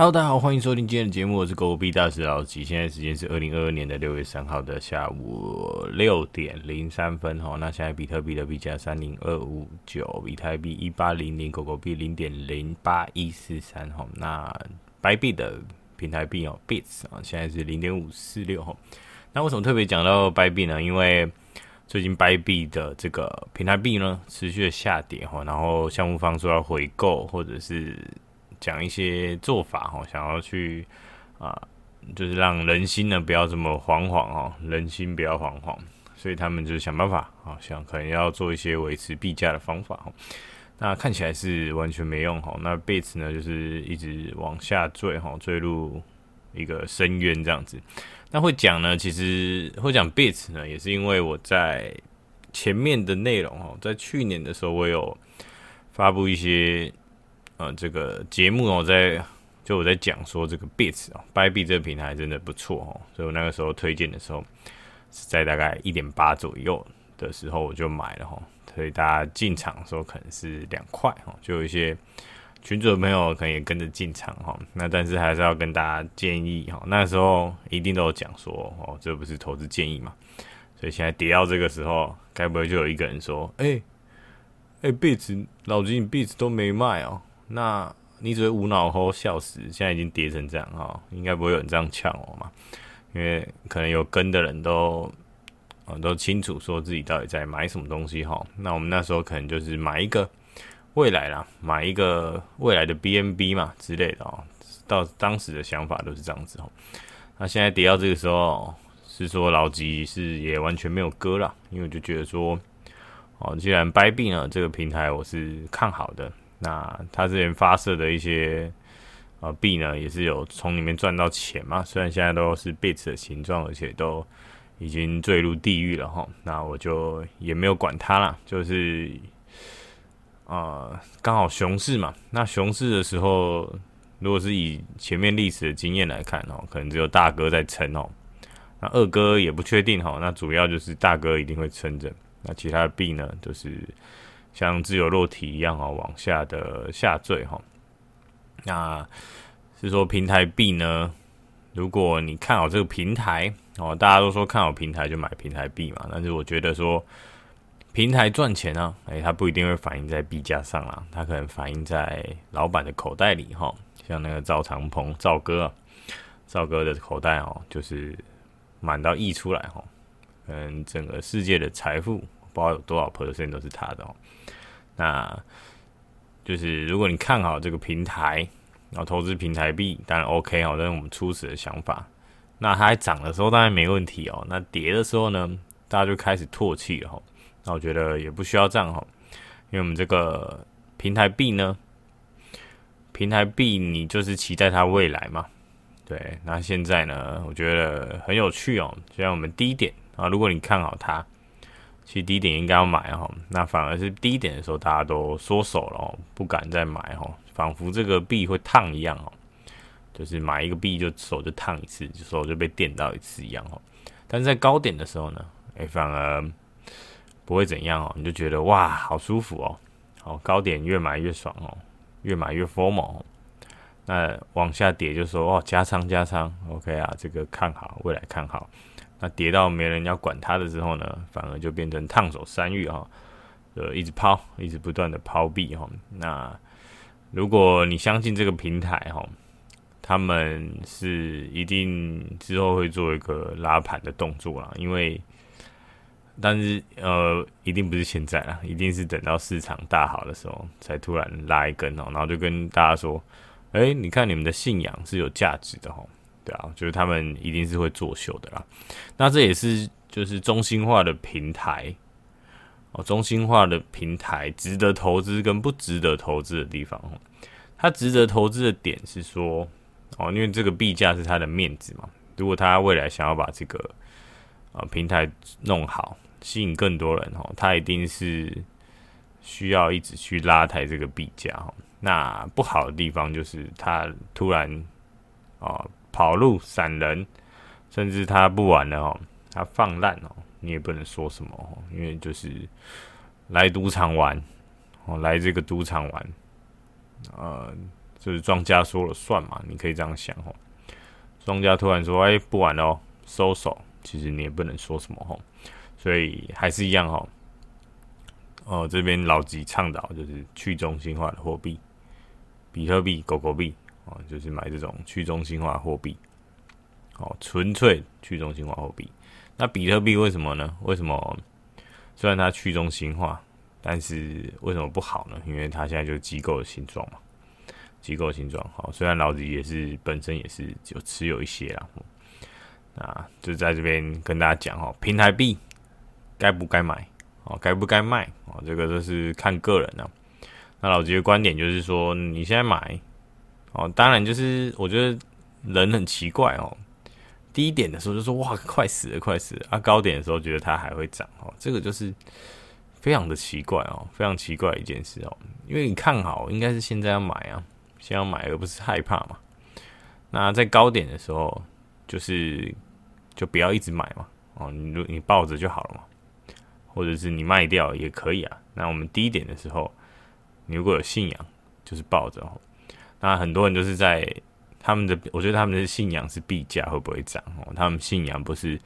Hello，大家好，歡迎收聽今天的節目，我是狗狗幣大使老吉。現在時間是二零二二年的六月三號的下午六點零三分哈。那現在比特幣的幣價三零二五九，以太幣一八零零，狗狗幣零點零八一四三哈。那 Bybit 的平台幣哦，Bits 啊，its, 現在是零點五四六哈。那為什麼特別講到 Bybit 呢？因為最近 Bybit 的這個平台幣呢，持續的下跌哈。然後項目方說要回購，或者是講一些做法哦，想要去啊，就是讓人心呢不要這麼惶惶哦，人心不要惶惶，所以他們就是想辦法啊，想可能要做一些維持幣價的方法哦。那看起來是完全沒用哦，那 bit 呢就是一直往下墜哈，墜入一個深淵這樣子。那會講呢，其實會講 bit 呢，也是因為我在前面的內容哦，在去年的時候我有發布一些。呃，這個節目哦，在就我在講說這個 bit 哦 Bybit 這個平台真的不錯哦，所以我那個時候推薦的時候是在大概一點八左右的時候我就買了哈，所以大家進場的時候可能是兩塊哦，就有一些群主的朋友可能也跟着進場哈，那但是還是要跟大家建議哈，那時候一定都有講說哦、喔，這不是投資建議嘛，所以現在跌到這個時候，該不會就有一個人說，哎哎 bit，欸、bit，老吉你 bit 都沒賣哦、喔。那你只會無腦吼笑死，現在已經跌成這樣哈、哦，應該不會有人這樣搶我嘛，因為可能有跟的人都，哦，都清楚說自己到底在買什麼東西哈、哦。那我們那時候可能就是買一個未來啦，買一個未來的 BNB 嘛之類的哦，到當時的想法都是這樣子哦。那現在跌到這個時候，哦、是說老吉是也完全沒有割了，因為我就覺得說，哦，既然掰幣了，這個平台我是看好的。那他之前發射的一些呃幣呢，也是有從裡面賺到錢嘛。雖然現在都是 bit 的形狀，而且都已經墜入地獄了哈。那我就也沒有管他啦。就是呃剛好熊市嘛。那熊市的時候，如果是以前面歷史的經驗來看哦，可能只有大哥在撐哦。那二哥也不確定哈。那主要就是大哥一定會撐着，那其他的幣呢，就是。像自由落體一樣哦、喔，往下的下墜哈、喔。那是說平台幣呢？如果你看好這個平台哦、喔，大家都說看好平台就買平台幣嘛。但是我覺得說平台賺錢啊，哎、欸，它不一定會反映在幣價上了，它可能反映在老板的口袋裡哈、喔。像那個趙長鵬，趙哥、啊，趙哥的口袋哦、喔，就是滿到溢出來哈、喔。可能整個世界的財富，不知道有多少 percent 都是他的哦、喔。那就是如果你看好這個平台，然後投資平台幣，當然 OK 哦。這是我們初始的想法。那它還漲的時候當然沒問題哦、喔。那跌的時候呢，大家就開始唾棄了哈。那我覺得也不需要這樣哈，因為我們這個平台幣呢，平台幣你就是期待它未來嘛。對，那現在呢，我覺得很有趣哦、喔。就像我們第一點啊，然後如果你看好它。去低點應該要買哈，那反而是低點的時候，大家都縮手了，不敢再買哈，仿佛這個幣會燙一樣哦，就是買一個幣就手就燙一次，手就被電到一次一樣哦。但是在高點的時候呢，哎、欸、反而不會怎樣哦，你就覺得哇，好舒服哦、喔，好高點越買越爽哦，越買越瘋哦。那往下跌就說哦，加倉加倉，OK 啊，這個看好未來看好。那跌到沒人要管它的時候呢，反而就變成燙手山芋哈，呃，一直拋，一直不斷的拋幣哈。那如果你相信這個平台哈，他們是一定之後會做一個拉盤的動作啦，因為，但是呃，一定不是現在啊，一定是等到市場大好的時候才突然拉一根哦，然後就跟大家說，哎，你看你們的信仰是有價值的哈。對啊，就是他們一定是會作秀的啦。那這也是就是中心化的平台哦，中心化的平台值得投資跟不值得投資的地方。它、哦、值得投資的點是說哦，因為這個幣價是它的面子嘛。如果它未來想要把這個、哦、平台弄好，吸引更多人哦，它一定是需要一直去拉抬這個幣價。哦、那不好的地方就是它突然哦。跑路、閃人，甚至他不玩了哦，他放爛哦，你也不能說什麼哦，因為就是來賭場玩哦，來這個賭場玩，呃，就是莊家說了算嘛，你可以這樣想哦。莊家突然說：“哎、欸，不玩了哦，喔，收手。”其實你也不能說什麼哦，所以還是一樣哦。呃，這邊老吉倡導就是去中心化的貨幣，比特幣、狗狗幣。就是買這種去中心化貨幣，哦、喔，純粹去中心化貨幣。那比特幣為什麼呢？為什麼雖然它去中心化，但是為什麼不好呢？因為它現在就是機構的形狀嘛，機構的形狀。好、喔，雖然老吉也是本身也是有持有一些啦，啊、喔，就在這邊跟大家講哦、喔，平台幣該不該買哦，該、喔、不該賣哦、喔，這個都是看個人的。那老吉的觀點就是說，你現在買。哦，當然就是我覺得人很奇怪哦。低點的時候就說，哇，快死了快死了，啊，高點的時候覺得它還會漲哦，這個就是非常的奇怪哦，非常奇怪的一件事哦。因為你看好，應該是現在要買啊，先要買而不是害怕嘛。那在高點的時候，就是就不要一直買嘛，哦，你你抱着就好了嘛，或者是你賣掉也可以啊。那我們低點的時候，你如果有信仰，就是抱着哦。那很多人就是在他們的，我覺得他們的信仰是幣價會不會漲哦？他們信仰不是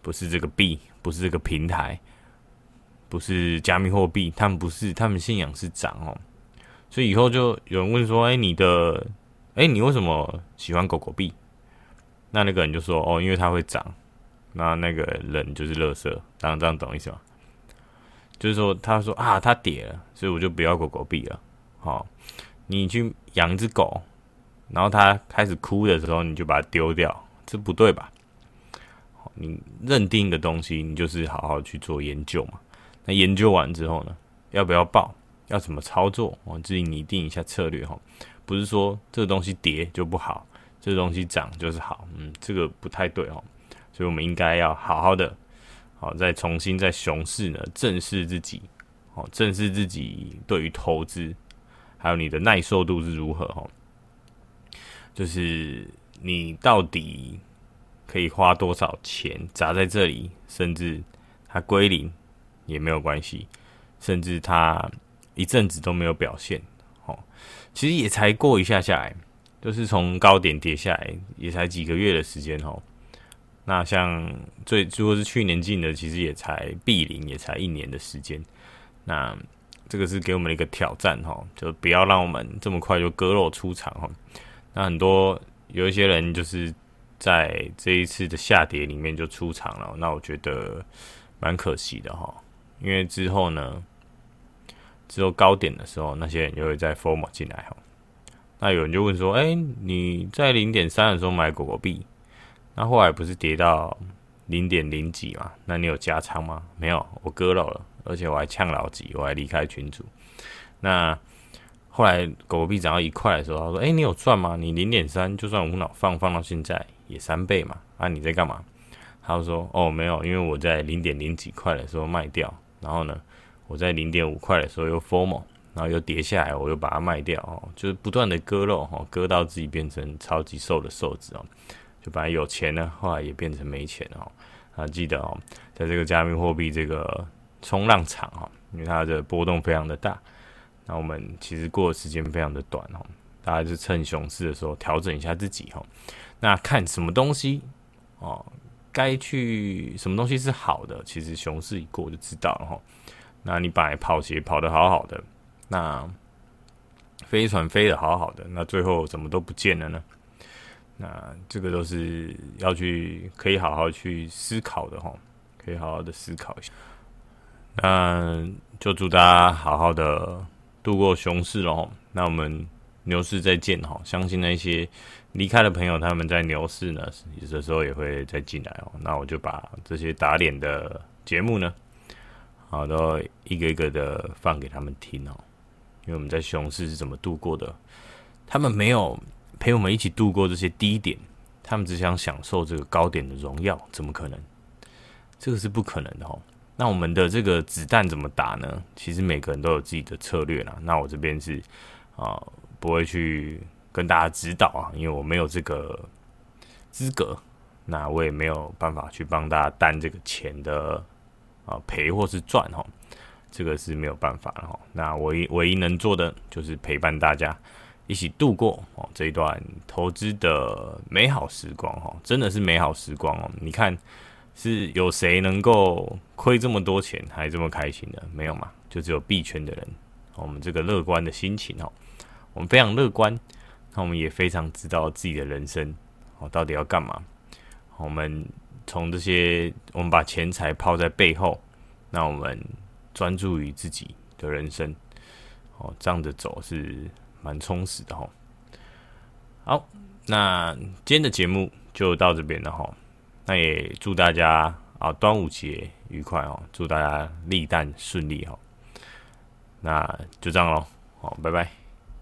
不是這個幣，不是這個平台，不是加密貨幣，他們不是，他們信仰是漲哦。所以以後就有人問說：“哎，你的哎，你為什麼喜歡狗狗幣？”那那個人就說：“哦，因為它會漲。”那那個人就是樂色，當然這樣懂意思嗎？就是說，他說啊，他跌了，所以我就不要狗狗幣了，哦。你去養隻狗，然後它開始哭的時候，你就把它丟掉，這不對吧？你認定的東西，你就是好好去做研究嘛。那研究完之後呢，要不要抱？要怎麼操作？我自己擬定一下策略哈。不是說這個東西跌就不好，這個東西漲就是好，嗯，這個不太對哦。所以，我們應該要好好的，好再重新在熊市呢正視自己，哦，正視自己對於投資。還有你的耐受度是如何？哦，就是你到底可以花多少錢砸在這裡，甚至它歸零也沒有關係，甚至它一陣子都沒有表現，哦,其實也才過一下下來，就是從高點跌下來，也才幾個月的時間，哦，那像最如果是去年進的，其實也才 B 零，也才一年的時間，那。這個是給我們的一個挑戰哈，就不要讓我們這麼快就割肉出場哈。那很多有一些人就是在這一次的下跌裡面就出場了，那我覺得蠻可惜的哈。因為之後呢，之後高點的時候，那些人就會再 FOMO 進來哈。那有人就問說，哎、欸，你在零點三的時候買狗狗幣，那後來不是跌到？零點零幾嘛？那你有加倉嗎？沒有，我割肉了，而且我還嗆老幾，我還離開群組。那後來狗狗幣漲到一塊的時候，他說：“哎、欸，你有賺嗎？你零點三就算無腦放，放到現在也三倍嘛。”啊，你在幹嘛？他說：“哦，沒有，因為我在零點零幾塊的時候賣掉，然後呢，我在零點五塊的時候又 FOMO，然後又跌下來，我又把它賣掉，就是不斷的割肉哦，割到自己變成超級瘦的瘦子哦，就本來有錢呢，後來也變成沒錢哦。”還記得哦，在這個加密貨幣這個衝浪場啊，因為它的波動非常的大。那我們其實過的時間非常的短哦，大家就是趁熊市的時候調整一下自己哈。那看什麼東西哦，該去什麼東西是好的，其實熊市一過就知道了哈。那你把跑鞋跑的好好的，那飛船飛的好好的，那最後怎麼都不見了呢？那這個都是要去可以好好去思考的哈，可以好好的思考一下。那就祝大家好好的度過熊市哦。那我們牛市再見哈！相信那些離開的朋友，他們在牛市呢，有的時候也會再進來哦。那我就把這些打臉的節目呢，好，都一個一個的放給他們聽哦。因為我們在熊市是怎麼度過的，他們沒有。陪我們一起度過這些低點，他們只想享受這個高點的榮耀，怎麼可能？這個是不可能的哈。那我們的這個子彈怎麼打呢？其實每個人都有自己的策略啦。那我這邊是啊、呃，不會去跟大家指導啊，因為我沒有這個資格，那我也沒有辦法去幫大家擔這個錢的啊賠、呃、或是賺哈，這個是沒有辦法的哈。那唯一唯一能做的就是陪伴大家，一起度過哦這一段投資的美好時光哈，真的是美好時光哦！你看，是有誰能夠虧這麼多錢還這麼開心的？沒有嘛？就只有幣圈的人。我們這個樂觀的心情哦，我們非常樂觀，那我們也非常知道自己的人生哦，到底要幹嘛？我們從這些，我們把錢財拋在背後，那我們專注於自己的人生哦，這樣子走是。蠻充實的吼，好，那今天的節目就到這邊了吼，那也祝大家啊端午節愉快哦，祝大家立蛋順利哦，那就這樣咯，好，拜拜。